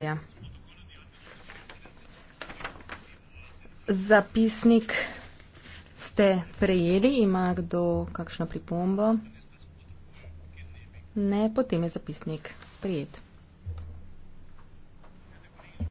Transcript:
Ja. Zapisnik ste prejeli, ima kdo kakšno pripombo? Ne, potem je zapisnik sprejet.